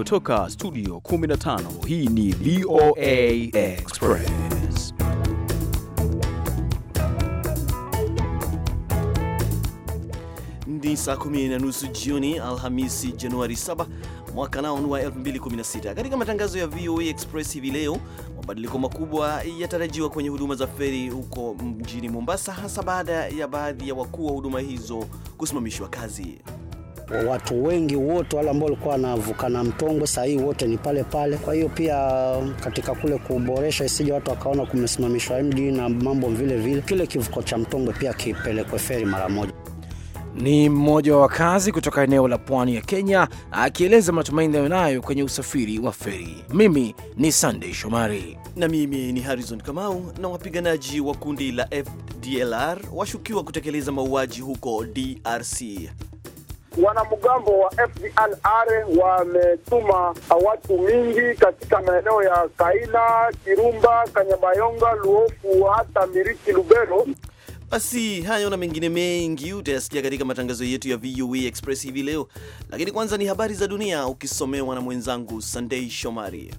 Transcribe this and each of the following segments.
kutoka studio 15 hii ni VOA Express ni saa kumi na nusu jioni Alhamisi Januari 7 mwaka nao ni wa 2016 katika matangazo ya VOA Express hivi leo mabadiliko makubwa yatarajiwa kwenye huduma za feri huko mjini Mombasa hasa baada ya baadhi ya wakuu wa huduma hizo kusimamishwa kazi watu wengi wote wale ambao walikuwa wanavukana mtongwe saa hii wote ni pale pale. Kwa hiyo pia um, katika kule kuboresha isije watu wakaona kumesimamishwa mji na mambo vile vile, kile kivuko cha mtongwe pia kipelekwe feri mara moja. Ni mmoja wa wakazi kutoka eneo la pwani ya Kenya akieleza matumaini anayonayo kwenye usafiri wa feri. Mimi ni sandey Shomari na mimi ni Harrison Kamau. Na wapiganaji wa kundi la FDLR washukiwa kutekeleza mauaji huko DRC wanamgambo wa FDLR wametuma watu mingi katika maeneo ya Kaina, Kirumba, Kanyabayonga, Luofu hata Miriki, Lubero. Basi hayo na mengine mengi utayasikia katika matangazo yetu ya VOA Express hivi leo, lakini kwanza ni habari za dunia ukisomewa na mwenzangu Sunday Shomari.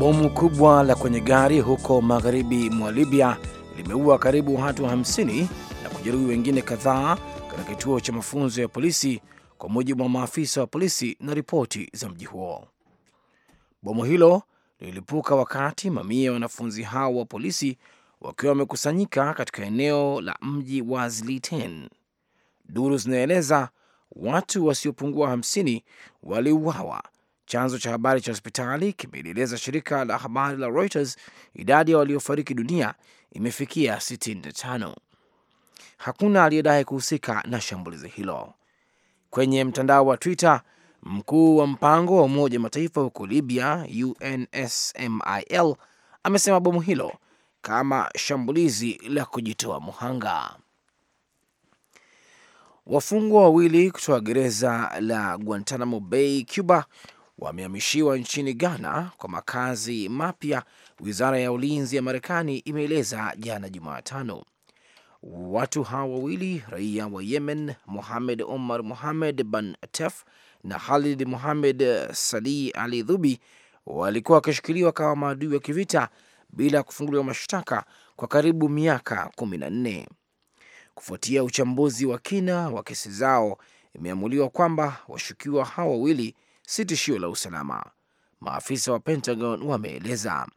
Bomu kubwa la kwenye gari huko magharibi mwa Libya limeua karibu watu 50 na kujeruhi wengine kadhaa katika kituo cha mafunzo ya polisi, kwa mujibu wa maafisa wa polisi na ripoti za mji huo. Bomu hilo lililipuka wakati mamia ya wanafunzi hao wa polisi wakiwa wamekusanyika katika eneo la mji wa Zliten. Duru zinaeleza watu wasiopungua 50 waliuawa Chanzo cha habari cha hospitali kimelieleza shirika la habari la Reuters idadi ya waliofariki dunia imefikia 65. Hakuna aliyedai kuhusika na shambulizi hilo. Kwenye mtandao wa Twitter, mkuu wa mpango wa Umoja wa Mataifa huko Libya, UNSMIL, amesema bomu hilo kama shambulizi la kujitoa muhanga. Wafungwa wawili kutoka gereza la Guantanamo Bay, Cuba wamehamishiwa nchini Ghana kwa makazi mapya, wizara ya ulinzi ya Marekani imeeleza jana Jumatano. Watu hawa wawili raia wa Yemen, Muhamed Omar Muhamed Ban Tef na Khalid Muhamed Salih Ali Dhubi, walikuwa wakishikiliwa kama maadui wa kivita bila kufunguliwa mashtaka kwa karibu miaka kumi na nne. Kufuatia uchambuzi wa kina wa kesi zao, imeamuliwa kwamba washukiwa hawa wawili si tishio la usalama, maafisa wa Pentagon wameeleza.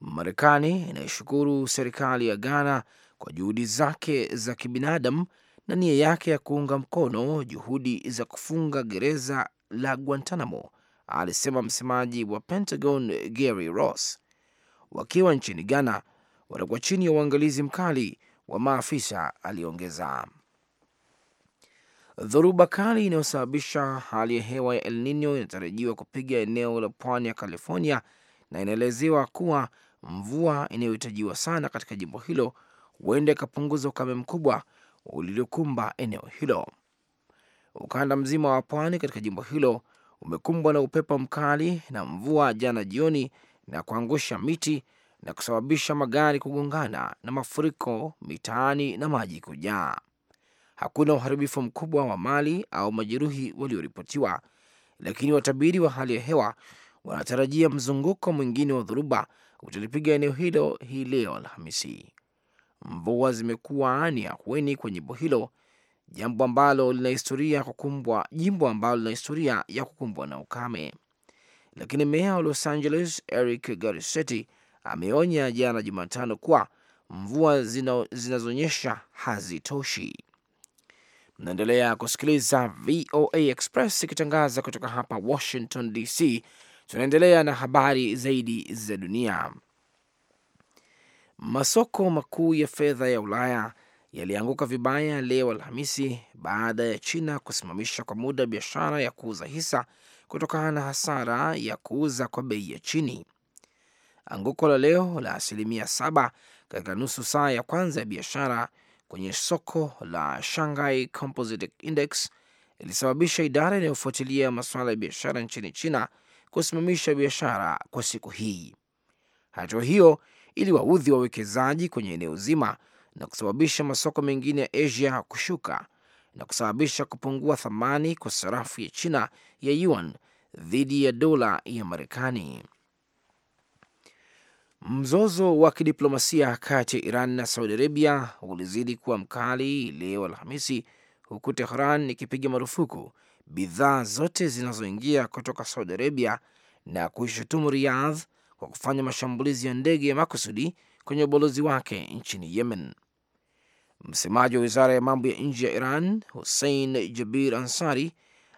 Marekani inayeshukuru serikali ya Ghana kwa juhudi zake za kibinadamu na nia yake ya kuunga mkono juhudi za kufunga gereza la Guantanamo, alisema msemaji wa Pentagon Gary Ross. Wakiwa nchini Ghana watakuwa chini ya uangalizi mkali wa maafisa, aliongeza. Dhoruba kali inayosababisha hali ya hewa ya El Nino inatarajiwa kupiga eneo la pwani ya California na inaelezewa kuwa mvua inayohitajiwa sana katika jimbo hilo huenda ikapunguza ukame mkubwa uliokumba eneo hilo. Ukanda mzima wa pwani katika jimbo hilo umekumbwa na upepo mkali na mvua jana jioni na kuangusha miti na kusababisha magari kugongana na mafuriko mitaani na maji kujaa. Hakuna uharibifu mkubwa wa mali au majeruhi walioripotiwa, lakini watabiri wa hali ya hewa wanatarajia mzunguko mwingine wa dhoruba utalipiga eneo hilo hii leo Alhamisi. Mvua zimekuwa ni ahueni kwenye jimbo hilo, jambo ambalo lina historia kukumbwa, jimbo ambalo lina historia ya kukumbwa na ukame, lakini meya wa Los Angeles Eric Garcetti ameonya jana Jumatano kuwa mvua zinazonyesha hazitoshi naendelea kusikiliza VOA Express ikitangaza kutoka hapa Washington DC. Tunaendelea na habari zaidi za dunia. Masoko makuu ya fedha ya Ulaya yalianguka vibaya leo Alhamisi baada ya China kusimamisha kwa muda biashara ya kuuza hisa kutokana na hasara ya kuuza kwa bei ya chini. Anguko la leo la asilimia saba katika nusu saa ya kwanza ya biashara kwenye soko la Shanghai Composite Index ilisababisha idara inayofuatilia masuala ya biashara nchini China kusimamisha biashara kwa siku hii. Hatua hiyo iliwaudhi wawekezaji kwenye eneo zima na kusababisha masoko mengine ya Asia kushuka na kusababisha kupungua thamani kwa sarafu ya China ya yuan dhidi ya dola ya Marekani. Mzozo wa kidiplomasia kati ya Iran na Saudi Arabia ulizidi kuwa mkali leo Alhamisi, huku Tehran ikipiga marufuku bidhaa zote zinazoingia kutoka Saudi Arabia na kuishutumu Riyadh kwa kufanya mashambulizi ya ndege ya makusudi kwenye ubalozi wake nchini Yemen. Msemaji wa wizara ya mambo ya nje ya Iran Hussein Jabir Ansari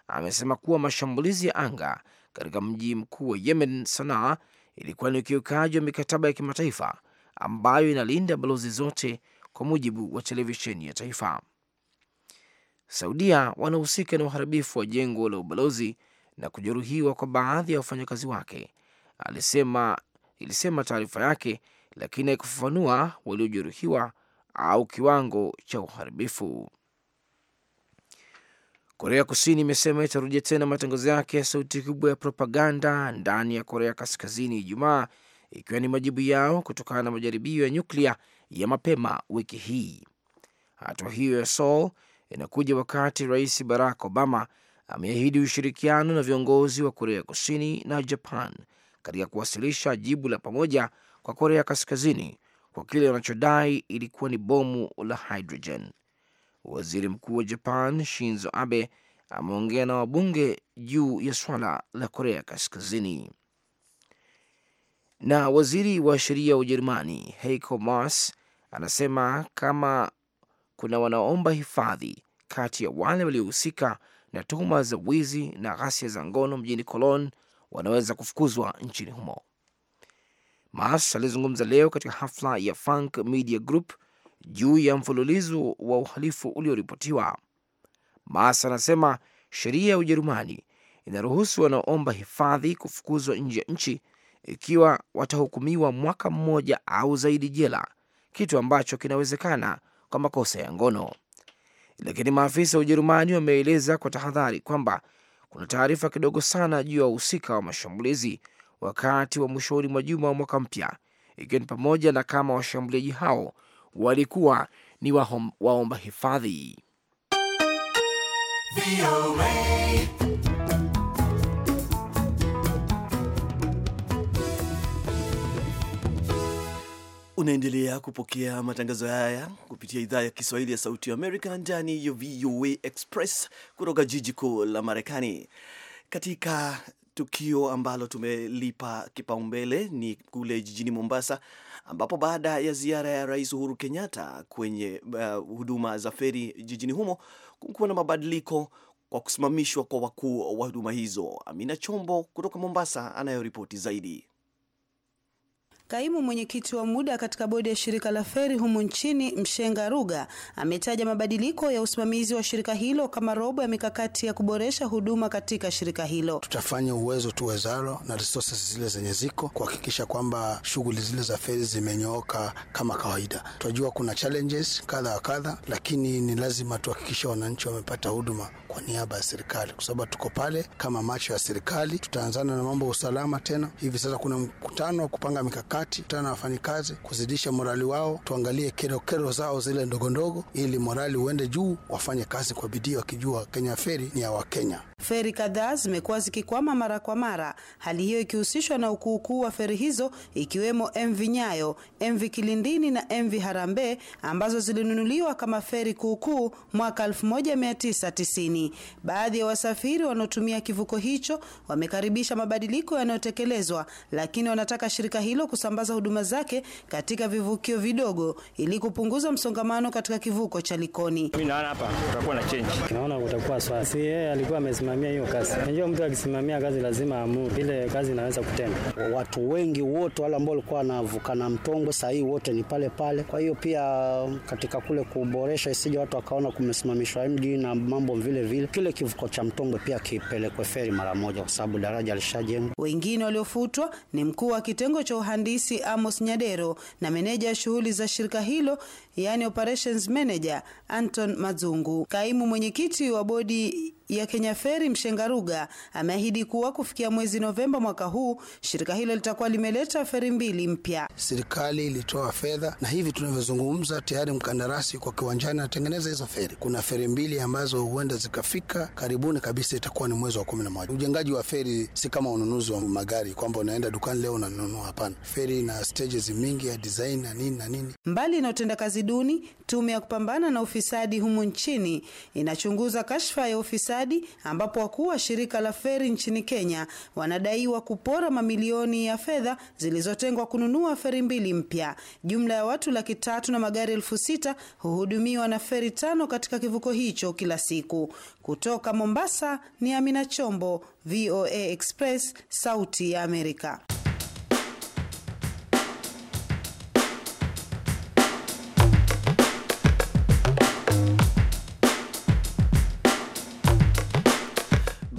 amesema kuwa mashambulizi ya anga katika mji mkuu wa Yemen, Sanaa, ilikuwa ni ukiukaji wa mikataba ya kimataifa ambayo inalinda balozi zote, kwa mujibu wa televisheni ya taifa. Saudia wanahusika na uharibifu wa jengo la ubalozi na kujeruhiwa kwa baadhi ya wafanyakazi wake, alisema, ilisema taarifa yake, lakini haikufafanua waliojeruhiwa au kiwango cha uharibifu. Korea Kusini imesema itarudia tena matangazo yake ya sauti kubwa ya propaganda ndani ya Korea Kaskazini Ijumaa, ikiwa ni majibu yao kutokana na majaribio ya nyuklia ya mapema wiki hii. Hatua hiyo ya Seoul inakuja wakati Rais Barack Obama ameahidi ushirikiano na viongozi wa Korea Kusini na Japan katika kuwasilisha jibu la pamoja kwa Korea Kaskazini kwa kile wanachodai ilikuwa ni bomu la hydrogen. Waziri Mkuu wa Japan Shinzo Abe ameongea na wabunge juu ya swala la Korea Kaskazini. Na waziri wa sheria wa Ujerumani Heiko Maas anasema kama kuna wanaomba hifadhi kati ya wale waliohusika na tuhuma za wizi na ghasia za ngono mjini Cologne wanaweza kufukuzwa nchini humo. Maas alizungumza leo katika hafla ya Funk Media Group juu ya mfululizo wa uhalifu ulioripotiwa. Maas anasema sheria ya Ujerumani inaruhusu wanaoomba hifadhi kufukuzwa nje ya nchi ikiwa watahukumiwa mwaka mmoja au zaidi jela, kitu ambacho kinawezekana kwa makosa ya ngono. Lakini maafisa wa Ujerumani wameeleza kwa tahadhari kwamba kuna taarifa kidogo sana juu ya wahusika wa mashambulizi wakati wa mwishoni mwa juma wa mwaka mpya, ikiwa ni pamoja na kama washambuliaji hao walikuwa ni wahom, waomba hifadhi. Unaendelea kupokea matangazo haya kupitia idhaa ya Kiswahili ya Sauti ya Amerika ndani ya VOA Express kutoka jiji kuu la Marekani. Katika tukio ambalo tumelipa kipaumbele ni kule jijini Mombasa, ambapo baada ya ziara ya Rais Uhuru Kenyatta kwenye uh, huduma za feri jijini humo kumekuwa na mabadiliko kwa kusimamishwa kwa wakuu wa huduma hizo. Amina Chombo kutoka Mombasa anayoripoti zaidi. Kaimu mwenyekiti wa muda katika bodi ya shirika la feri humu nchini, Mshenga Ruga, ametaja mabadiliko ya usimamizi wa shirika hilo kama robo ya mikakati ya kuboresha huduma katika shirika hilo. Tutafanya uwezo tuwezalo na resources zile zenye ziko kuhakikisha kwamba shughuli zile za feri zimenyooka kama kawaida. Tunajua kuna challenges kadha wa kadha, lakini ni lazima tuhakikishe wananchi wamepata huduma kwa niaba ya serikali, kwa sababu tuko pale kama macho ya serikali. Tutaanzana na mambo ya usalama tena. Hivi sasa kuna mkutano wa kupanga mikakati, kutana na wafanyikazi kuzidisha morali wao, tuangalie kero kero zao zile ndogondogo, ili morali uende juu, wafanye kazi kwa bidii wakijua Kenya feri ni ya Wakenya. Feri kadhaa zimekuwa zikikwama mara kwa mara, hali hiyo ikihusishwa na ukuukuu wa feri hizo ikiwemo MV Nyayo, MV Kilindini na MV Harambee ambazo zilinunuliwa kama feri kuukuu mwaka 1990. Baadhi ya wasafiri wanaotumia kivuko hicho wamekaribisha mabadiliko yanayotekelezwa, lakini wanataka shirika hilo kusambaza huduma zake katika vivukio vidogo ili kupunguza msongamano katika kivuko cha Likoni. Mimi naona hapa kutakuwa na change. Naona kutakuwa swasi. Yeye alikuwa kusimamia hiyo kazi. Najua mtu akisimamia kazi lazima amu ile kazi inaweza kutenda. Watu wengi wote wale ambao walikuwa na mtongo, saa hii wote ni pale pale. Kwa hiyo pia katika kule kuboresha, isije watu wakaona kumesimamishwa MD na mambo vile vile, kile kivuko cha mtongo pia kipelekwe feri mara moja, kwa sababu daraja lishajengwa. Wengine waliofutwa ni mkuu wa kitengo cha uhandisi Amos Nyadero na meneja ya shughuli za shirika hilo, yani operations manager Anton Mazungu, kaimu mwenyekiti wa bodi ya Kenya Ferry Daktari Mshengaruga ameahidi kuwa kufikia mwezi Novemba mwaka huu shirika hilo litakuwa limeleta feri mbili mpya. Serikali ilitoa fedha na hivi tunavyozungumza tayari mkandarasi kwa kiwanjani anatengeneza hizo feri. Kuna feri mbili ambazo huenda zikafika karibuni kabisa, itakuwa ni mwezi wa kumi na moja. Ujengaji wa feri si kama ununuzi wa magari kwamba unaenda dukani leo unanunua. Hapana, feri na stages mingi ya design na nini na nini. Mbali na utendakazi duni, tume ya kupambana na ufisadi humu nchini inachunguza kashfa ya ufisadi ambapo ambapo wakuu wa shirika la feri nchini Kenya wanadaiwa kupora mamilioni ya fedha zilizotengwa kununua feri mbili mpya. Jumla ya watu laki tatu na magari elfu sita huhudumiwa na feri tano katika kivuko hicho kila siku. Kutoka Mombasa ni Amina Chombo, VOA Express, Sauti ya Amerika.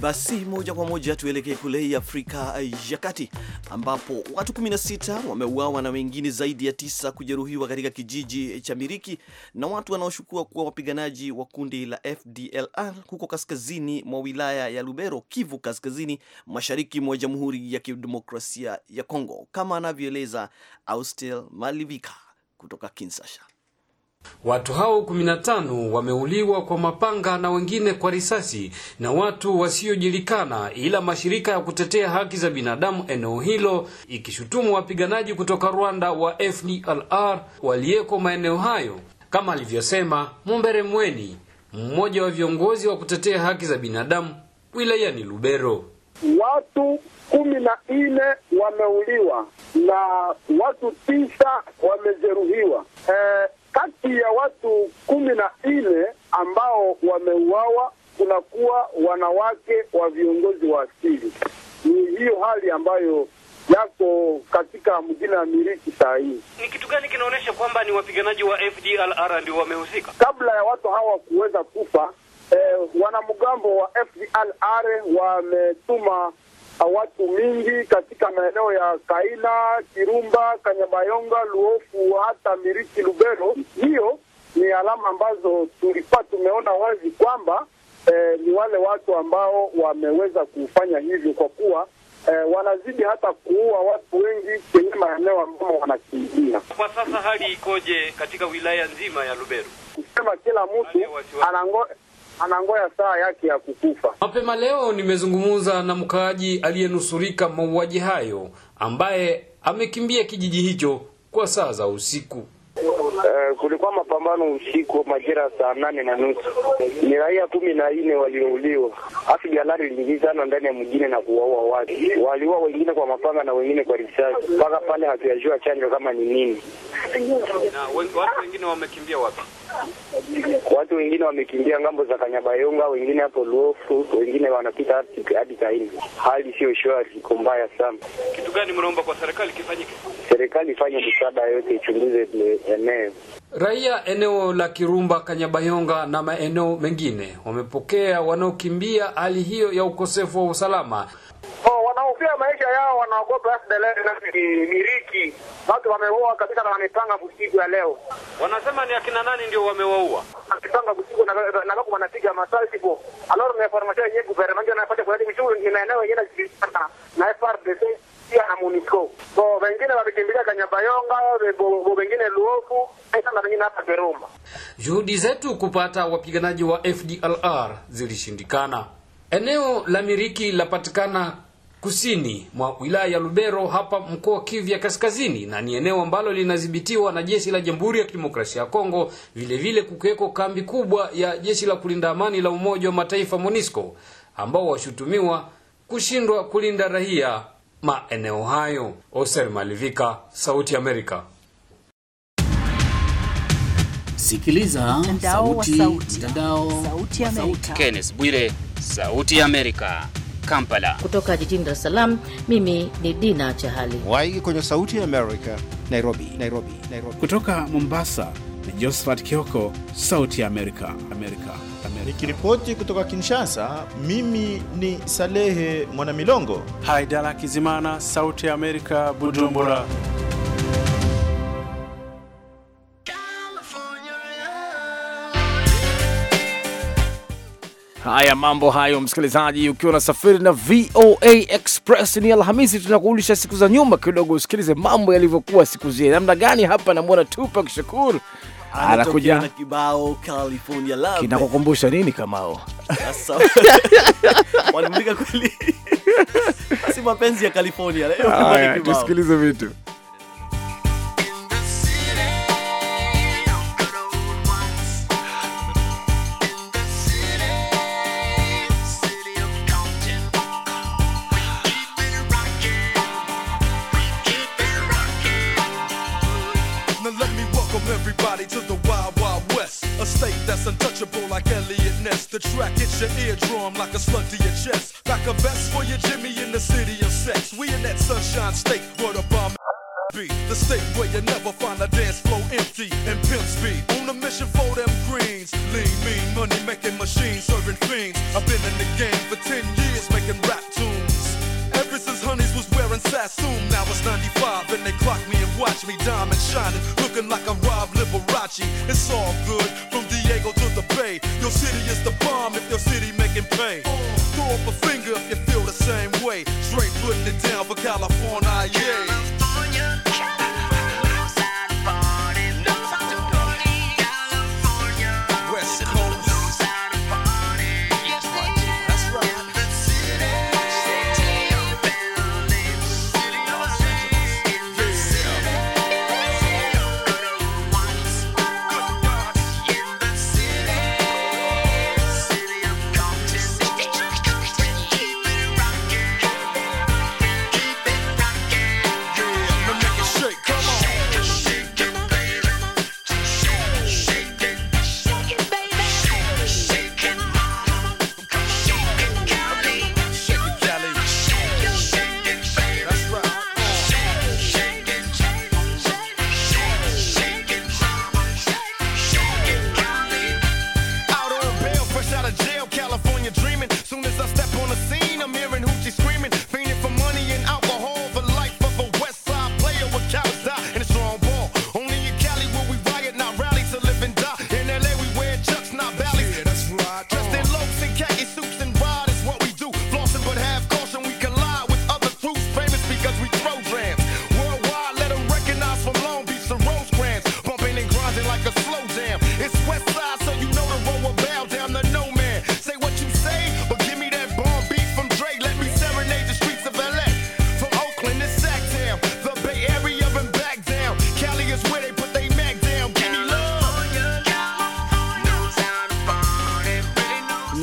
Basi moja kwa moja tuelekee kule Afrika ya Kati ambapo watu 16 wameuawa na wengine zaidi ya tisa kujeruhiwa katika kijiji cha Miriki na watu wanaoshukiwa kuwa wapiganaji wa kundi la FDLR huko kaskazini mwa wilaya ya Lubero, Kivu Kaskazini, mashariki mwa Jamhuri ya Kidemokrasia ya Kongo, kama anavyoeleza Austel Malivika kutoka Kinshasa. Watu hao 15 wameuliwa kwa mapanga na wengine kwa risasi na watu wasiojulikana, ila mashirika ya kutetea haki za binadamu eneo hilo ikishutumu wapiganaji kutoka Rwanda wa FDLR waliyeko maeneo hayo, kama alivyosema Mumbere Mweni, mmoja wa viongozi wa kutetea haki za binadamu wilayani Lubero. Watu kumi na nne wameuliwa na watu tisa wamejeruhiwa. E, kati ya watu kumi na nne ambao wameuawa kunakuwa wanawake wa viongozi wa asili. Ni hiyo hali ambayo yako katika mjini ya Miriki saa hii. Ni kitu gani kinaonyesha kwamba ni wapiganaji wa FDLR ndio wamehusika? Kabla ya watu hawa kuweza kufa, eh, wanamgambo wa FDLR wametuma watu mingi katika maeneo ya Kaina, Kirumba, Kanyabayonga, Luofu, hata Miriki, Lubero. Hiyo ni alama ambazo tulikuwa tumeona wazi kwamba eh, ni wale watu ambao wameweza kufanya hivyo kwa kuwa Eh, wanazidi hata kuua watu wengi kwenye maeneo ambao wanakimbia. Kwa sasa hali ikoje katika wilaya nzima ya Lubero? Kusema kila mtu anangoja anangoya saa yake ya kukufa. Mapema leo nimezungumza na mkaaji aliyenusurika mauaji hayo ambaye amekimbia kijiji hicho kwa saa za usiku. Uh, kulikuwa mapambano usiku majira saa nane na nusu, ni raia kumi na nne waliouliwa, afu jalari ndani ya mjini na kuwaua watu. Waliua wengine kwa mapanga na wengine kwa risasi, mpaka pale hatuyajua chanjo kama ni nini. watu wengine wamekimbia wapi? Watu wengine wamekimbia ngambo za Kanyabayonga, wengine hapo Luofu, wengine wanapita hadi Kaini. Hali sio shwari, iko mbaya sana. Kitu gani mnaomba kwa serikali kifanyike? Serikali ifanye msaada yote, ichunguze eneo wenyewe. Raia eneo la Kirumba, Kanyabayonga na maeneo mengine wamepokea wanaokimbia hali hiyo ya ukosefu wa usalama. Oh, wanaofia maisha yao, wanaogopa miriki. Watu wameua kabisa na wamepanga usiku ya leo. Wanasema ni akina nani ndio wamewaua? Akipanga usiku na na wanapiga masasi kwa. Alors, na information yenyewe government inafanya kwa ajili ya ni maeneo yenyewe na FRDC kupitia na MONUSCO. So wengine walikimbilia Kanyabayonga, wengine Luofu na wengine hata Kirumba. Juhudi zetu kupata wapiganaji wa FDLR zilishindikana. Eneo la Miriki lapatikana kusini mwa wilaya ya Lubero hapa mkoa wa Kivu ya Kaskazini, na ni eneo ambalo linadhibitiwa na jeshi la Jamhuri ya Kidemokrasia ya Kongo. Vile vile kukiweko kambi kubwa ya jeshi la kulinda amani la Umoja wa Mataifa MONUSCO, ambao washutumiwa kushindwa kulinda raia maeneo hayo. Oser Malivika, Sauti Amerika. Sikiliza mtandao sauti, mtandao sauti Amerika. Kenneth Bwire, Sauti Amerika. Kampala. Kutoka jijini Dar es Salaam, mimi ni Dina Chahali. Waigi kwenye Sauti Amerika, Nairobi, Nairobi, Nairobi. Kutoka Mombasa ni Josephat Kioko, Sauti ya Amerika, Amerika. Nikiripoti kutoka Kinshasa, mimi ni Salehe Mwanamilongo. Haidala Kizimana, Sauti ya Amerika, Bujumbura. Haya, mambo hayo, msikilizaji, ukiwa unasafiri na VOA Express ni Alhamisi, tunakurudisha siku za nyuma kidogo, usikilize mambo yalivyokuwa siku zile namna gani. Hapa namwona Tupac Shakur anakuja na kibao California Love. Kinakukumbusha nini kamao? Sasa wanamulika kweli. Basi mapenzi ya California leo. Tusikilize vitu untouchable like Elliot Ness. The track hits your eardrum like a slug to your chest. Back a vest for your Jimmy in the city of sex. We in that sunshine state where the bomb be. The state where you never find a dance floor empty and pimp speed. On a mission for them greens. Lean, mean, money making machines, serving fiends. I've been in the game for 10 years making rap tunes. Ever since Honeys was wearing Sassoon, now it's 95 and they watch me diamond shining, looking like i Rob Liberace. It's all good, from Diego to the Bay. Your city is the bomb if your city making pay.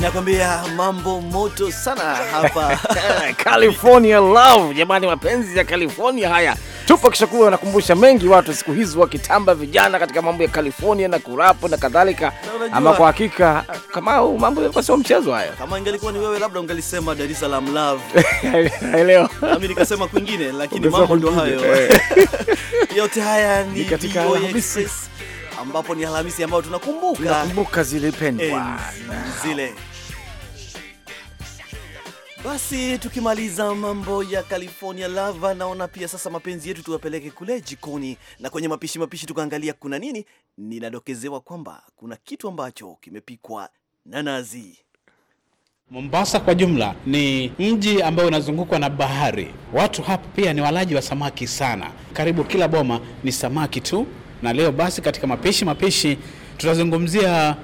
nakwambia mambo moto sana hapa California love, jamani, mapenzi ya California haya tupo kisha kuwa wanakumbusha mengi watu siku hizi wakitamba vijana katika mambo ya California na kurapo na kadhalika. Ama kwa hakika kama au mambo yalikuwa sio mchezo haya. Kama ingelikuwa ni wewe, labda ungalisema Dar es Salaam love, leo nami nikasema kwingine, lakini mambo ndio hayo yote haya ni katika ambapo ni Alhamisi ambayo tunakumbuka tunakumbuka zilipendwa eh, zile. Basi tukimaliza mambo ya California lava, naona pia sasa mapenzi yetu tuwapeleke kule jikoni na kwenye mapishi mapishi, tukaangalia kuna nini. Ninadokezewa kwamba kuna kitu ambacho kimepikwa na nazi. Mombasa kwa jumla ni mji ambao unazungukwa na bahari. Watu hapa pia ni walaji wa samaki sana, karibu kila boma ni samaki tu na leo basi katika mapishi mapishi tutazungumzia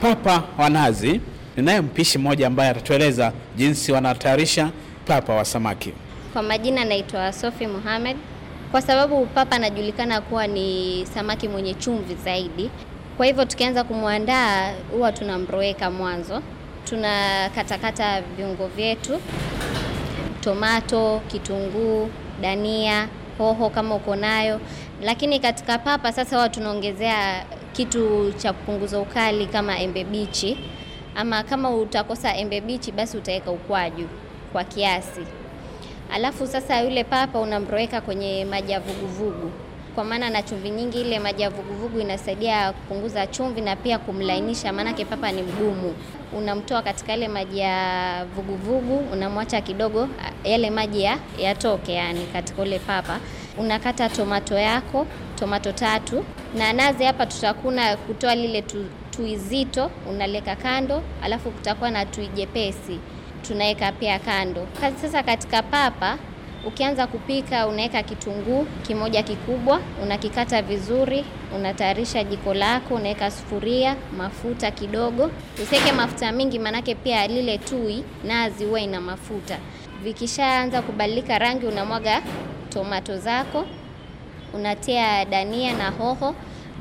papa wa nazi. Ninaye mpishi mmoja ambaye atatueleza jinsi wanatayarisha papa wa samaki. Kwa majina anaitwa Sofi muhamed Kwa sababu papa anajulikana kuwa ni samaki mwenye chumvi zaidi, kwa hivyo tukianza kumwandaa huwa tunamroweka mwanzo, tunakatakata viungo vyetu, tomato, kitunguu, dania, hoho kama uko nayo lakini katika papa sasa huwa tunaongezea kitu cha kupunguza ukali kama embe bichi, ama kama utakosa embe bichi, basi utaweka ukwaju kwa kiasi. Alafu sasa yule papa unamroweka kwenye maji ya vuguvugu, kwa maana na chumvi nyingi, ile maji ya vuguvugu inasaidia kupunguza chumvi na pia kumlainisha, maanake papa ni mgumu. Unamtoa katika ile maji ya vuguvugu, unamwacha kidogo yale maji yatoke, yani katika ule papa unakata tomato yako, tomato tatu na nazi hapa tutakuna kutoa lile tu, tui zito unaleka kando, alafu kutakuwa na tui jepesi tunaweka pia kando. Sasa katika papa ukianza kupika unaweka kitunguu kimoja kikubwa, unakikata vizuri, unatayarisha jiko lako, unaweka sufuria, mafuta kidogo, usiweke mafuta mingi, manake pia lile tui nazi huwa ina mafuta. Vikishaanza kubadilika rangi, unamwaga tomato zako, unatia dania na hoho,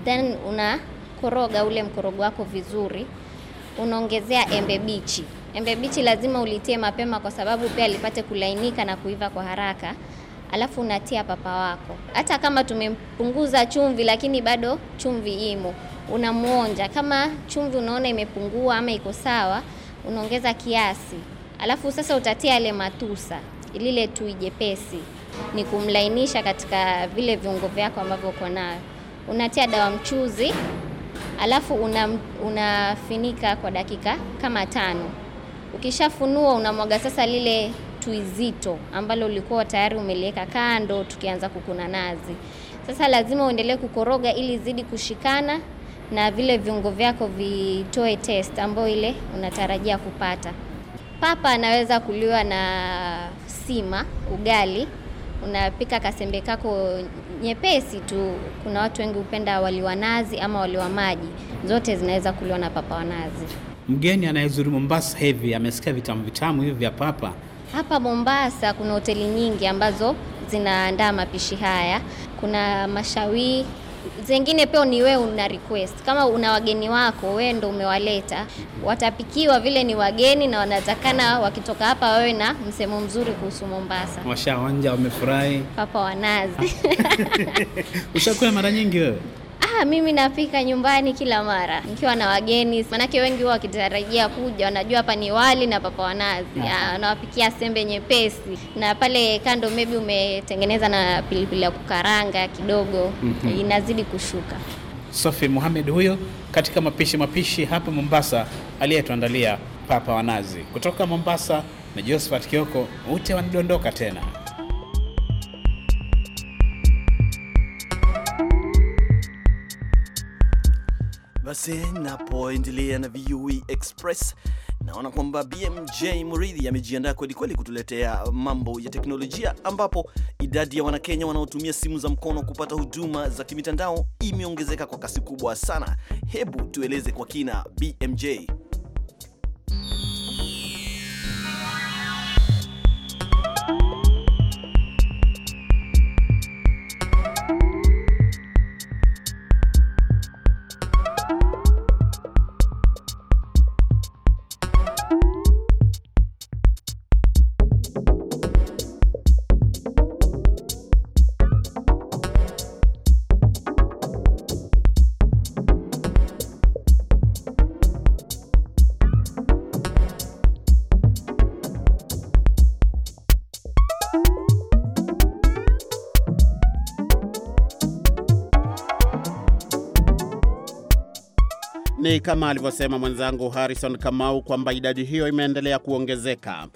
then unakoroga ule mkorogo wako vizuri. Unaongezea embe bichi. Embe bichi lazima ulitie mapema, kwa sababu pia lipate kulainika na kuiva kwa haraka. Alafu unatia papa wako, hata kama tumepunguza chumvi, lakini bado chumvi imo, unamwonja. Kama chumvi unaona imepungua ama iko sawa, unaongeza kiasi. Alafu sasa utatia ile matusa, lile tui jepesi ni kumlainisha katika vile viungo vyako ambavyo uko nayo. Unatia dawa mchuzi, alafu unafinika una kwa dakika kama tano. Ukishafunua unamwaga sasa lile tuizito ambalo ulikuwa tayari umeliweka kando, tukianza kukuna nazi. Sasa lazima uendelee kukoroga ili zidi kushikana na vile viungo vyako vitoe test ambayo ile unatarajia kupata. Papa anaweza kuliwa na sima, ugali unapika kasembe kako nyepesi tu. Kuna watu wengi hupenda wali wa nazi ama wali wa maji, zote zinaweza kuliwa na papa wa nazi. Mgeni anayezuru Mombasa hivi amesikia vitamu vitamu hivi vya papa. Hapa Mombasa kuna hoteli nyingi ambazo zinaandaa mapishi haya. Kuna Mashawi zengine pia ni wewe una request. Kama una wageni wako, wewe ndo umewaleta, watapikiwa vile ni wageni na wanatakana wakitoka hapa wawe na msemo mzuri kuhusu Mombasa. wanja wamefurahi, papa wanazi. Ushakuwa mara nyingi wewe? mimi napika nyumbani kila mara nikiwa na wageni, manake wengi huwa wakitarajia kuja, wanajua hapa ni wali na papa wanazi wanawapikia sembe nyepesi, na pale kando maybe umetengeneza na pilipili ya kukaranga kidogo, mm -hmm. inazidi kushuka. sofi muhamed huyo katika mapishi mapishi hapa Mombasa, aliyetuandalia papa wanazi kutoka Mombasa na Josephat Kioko, ute wanidondoka tena. basi napoendelea na VUE Express naona kwamba BMJ Muridhi amejiandaa kwelikweli kutuletea mambo ya teknolojia, ambapo idadi ya Wanakenya wanaotumia simu za mkono kupata huduma za kimitandao imeongezeka kwa kasi kubwa sana. Hebu tueleze kwa kina BMJ. kama alivyosema mwenzangu Harrison Kamau kwamba idadi hiyo imeendelea kuongezeka.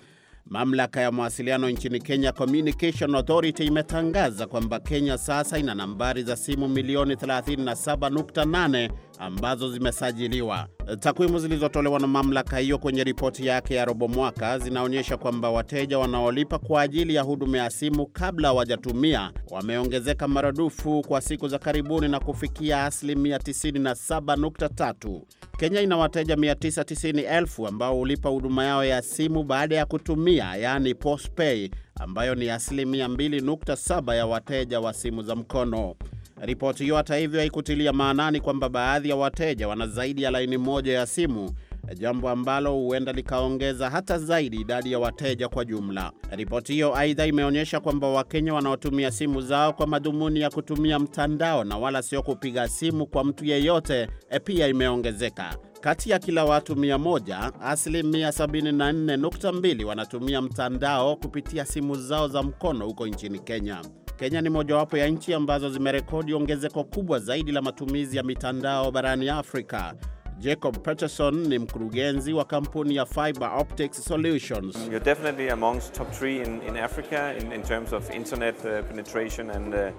Mamlaka ya mawasiliano nchini Kenya Communication Authority imetangaza kwamba Kenya sasa ina nambari za simu milioni 37.8 ambazo zimesajiliwa. Takwimu zilizotolewa na mamlaka hiyo kwenye ripoti yake ya robo mwaka zinaonyesha kwamba wateja wanaolipa kwa ajili ya huduma ya simu kabla hawajatumia wameongezeka maradufu kwa siku za karibuni na kufikia asilimia 97.3. Kenya ina wateja 990,000 ambao hulipa huduma yao ya simu baada ya kutumia, yaani postpay, ambayo ni asilimia 2.7 ya wateja wa simu za mkono. Ripoti hiyo hata hivyo haikutilia maanani kwamba baadhi ya wateja wana zaidi ya laini moja ya simu, jambo ambalo huenda likaongeza hata zaidi idadi ya wateja kwa jumla. Ripoti hiyo aidha imeonyesha kwamba Wakenya wanaotumia simu zao kwa madhumuni ya kutumia mtandao na wala sio kupiga simu kwa mtu yeyote eh, pia imeongezeka. Kati ya kila watu 100 asilimia 74.2 wanatumia mtandao kupitia simu zao za mkono huko nchini Kenya. Kenya ni mojawapo ya nchi ambazo zimerekodi ongezeko kubwa zaidi la matumizi ya mitandao barani Afrika. Jacob Peterson ni mkurugenzi wa kampuni ya Fiber Optics Solutions. You're definitely amongst top three in, in Africa in, in terms of internet uh, penetration and, uh,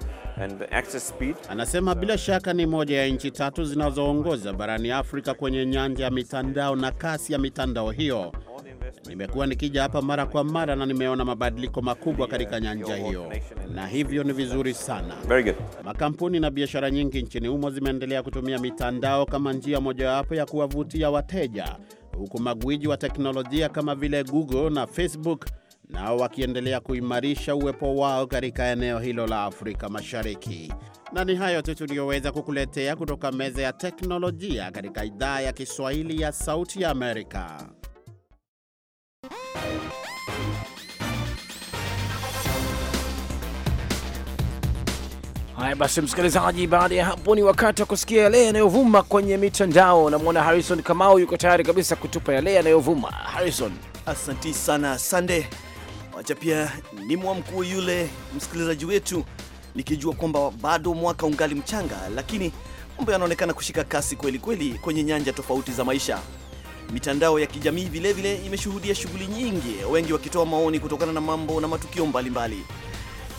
and access speed. Anasema bila shaka ni moja ya nchi tatu zinazoongoza barani Afrika kwenye nyanja ya mitandao na kasi ya mitandao hiyo. Nimekuwa nikija hapa mara kwa mara na nimeona mabadiliko makubwa katika nyanja hiyo, na hivyo ni vizuri sana. Makampuni na biashara nyingi nchini humo zimeendelea kutumia mitandao kama njia mojawapo ya kuwavutia wateja, huku magwiji wa teknolojia kama vile Google na Facebook nao wakiendelea kuimarisha uwepo wao katika eneo hilo la Afrika Mashariki. Na ni hayo tu tuliyoweza kukuletea kutoka meza ya teknolojia katika idhaa ya Kiswahili ya Sauti ya Amerika. Haya basi, msikilizaji, baada ya hapo ni wakati wa kusikia yale yanayovuma kwenye mitandao. Namwona Harrison Kamau yuko tayari kabisa kutupa yale yanayovuma. Harrison, asanti sana Sande. Wacha pia ni mkuu yule msikilizaji wetu, nikijua kwamba bado mwaka ungali mchanga, lakini mambo yanaonekana kushika kasi kweli kweli kwenye nyanja tofauti za maisha. Mitandao ya kijamii vilevile imeshuhudia shughuli nyingi, wengi wakitoa maoni kutokana na mambo na matukio mbalimbali mbali.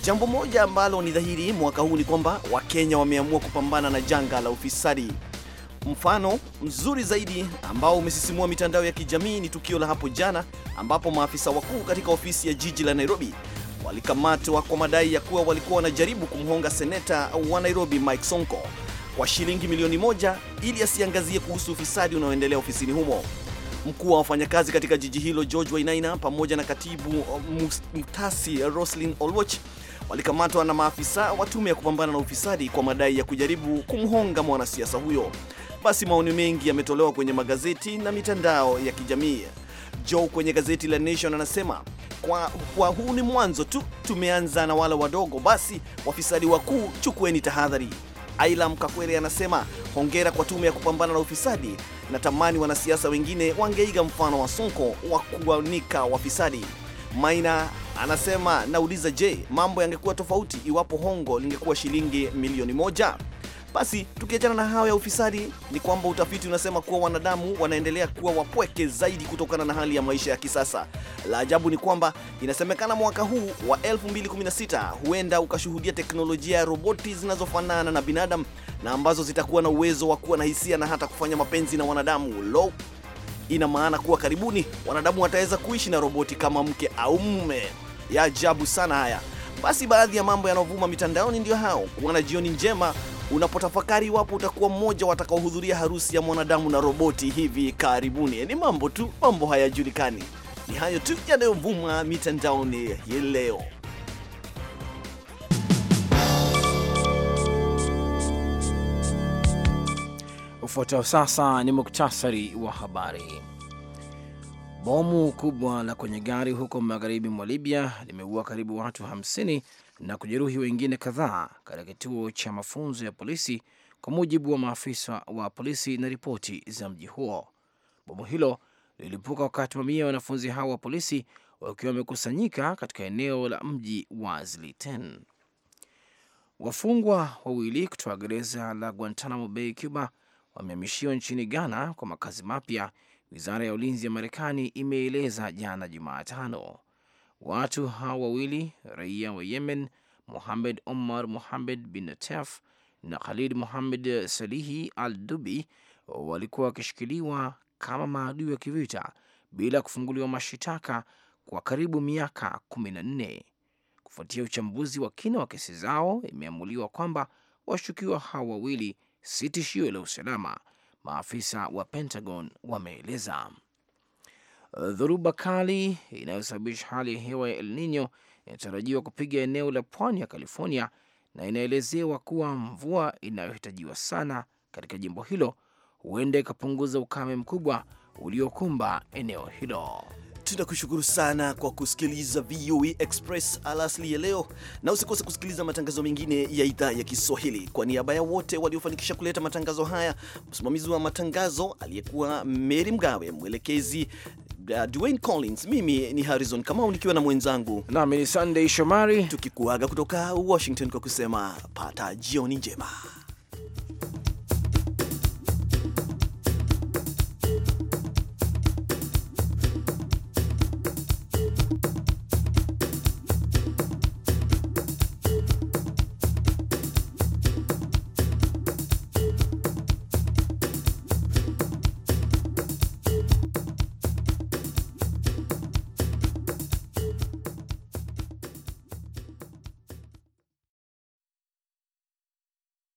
Jambo moja ambalo ni dhahiri mwaka huu ni kwamba Wakenya wameamua kupambana na janga la ufisadi. Mfano mzuri zaidi ambao umesisimua mitandao ya kijamii ni tukio la hapo jana ambapo maafisa wakuu katika ofisi ya jiji la Nairobi walikamatwa kwa madai ya kuwa walikuwa wanajaribu kumhonga seneta wa Nairobi Mike Sonko kwa shilingi milioni moja ili asiangazie kuhusu ufisadi unaoendelea ofisini humo. Mkuu wa wafanyakazi katika jiji hilo George Wainaina pamoja na katibu mtasi Roslyn Olwoch walikamatwa na maafisa wa tume ya kupambana na ufisadi kwa madai ya kujaribu kumhonga mwanasiasa huyo. Basi maoni mengi yametolewa kwenye magazeti na mitandao ya kijamii. Joe kwenye gazeti la Nation anasema kwa, kwa huu ni mwanzo tu, tumeanza na wale wadogo, basi wafisadi wakuu chukueni tahadhari. Ailam Kakwere anasema hongera kwa tume ya kupambana na ufisadi, na tamani wanasiasa wengine wangeiga mfano wa Sonko wa kuwanika wafisadi. Maina Anasema nauliza, je, mambo yangekuwa tofauti iwapo hongo lingekuwa shilingi milioni moja? Basi tukiachana na hawa ya ufisadi, ni kwamba utafiti unasema kuwa wanadamu wanaendelea kuwa wapweke zaidi kutokana na hali ya maisha ya kisasa. La ajabu ni kwamba inasemekana mwaka huu wa 2016 huenda ukashuhudia teknolojia ya roboti zinazofanana na binadamu na ambazo zitakuwa na uwezo wa kuwa na hisia na hata kufanya mapenzi na wanadamu. Lo, ina maana kuwa karibuni wanadamu wataweza kuishi na roboti kama mke au mume ya ajabu sana haya. Basi baadhi ya mambo yanayovuma mitandaoni ndio hao. Kuwa na jioni njema unapotafakari iwapo utakuwa mmoja watakaohudhuria harusi ya mwanadamu na roboti hivi karibuni. Ni mambo tu, mambo hayajulikani. Ni hayo tu yanayovuma mitandaoni ya leo. Ufuatao sasa ni muktasari wa habari. Bomu kubwa la kwenye gari huko magharibi mwa Libya limeua karibu watu 50 na kujeruhi wengine kadhaa katika kituo cha mafunzo ya polisi, kwa mujibu wa maafisa wa polisi na ripoti za mji huo. Bomu hilo lilipuka wakati mamia ya wanafunzi hao wa polisi wakiwa wamekusanyika katika eneo la mji wa Zliten. Wafungwa wawili kutoka gereza la Guantanamo Bay, Cuba, wamehamishiwa nchini Ghana kwa makazi mapya wizara ya ulinzi ya Marekani imeeleza jana Jumatano. Watu hao wawili raia wa Yemen, Muhamed Omar Muhamed bin Natef na Khalid Muhamed Salihi al Dubi, walikuwa wakishikiliwa kama maadui wa kivita bila kufunguliwa mashitaka kwa karibu miaka kumi na nne. Kufuatia uchambuzi wa kina wa kesi zao, imeamuliwa kwamba washukiwa hao wawili si tishio la usalama maafisa wa Pentagon wameeleza. Dhoruba kali inayosababisha hali ya hewa ya El Nino inatarajiwa kupiga eneo la pwani ya California na inaelezewa kuwa mvua inayohitajiwa sana katika jimbo hilo huenda ikapunguza ukame mkubwa uliokumba eneo hilo. Tunakushukuru sana kwa kusikiliza VOA e Express alasli ya leo, na usikose kusikiliza matangazo mengine ya idhaa ya Kiswahili. Kwa niaba ya wote waliofanikisha kuleta matangazo haya, msimamizi wa matangazo aliyekuwa Mary Mgawe, mwelekezi uh, Dwayne Collins, mimi ni Harrison Kamau nikiwa na mwenzangu nami ni Sunday Shomari, tukikuaga kutoka Washington kwa kusema pata jioni njema.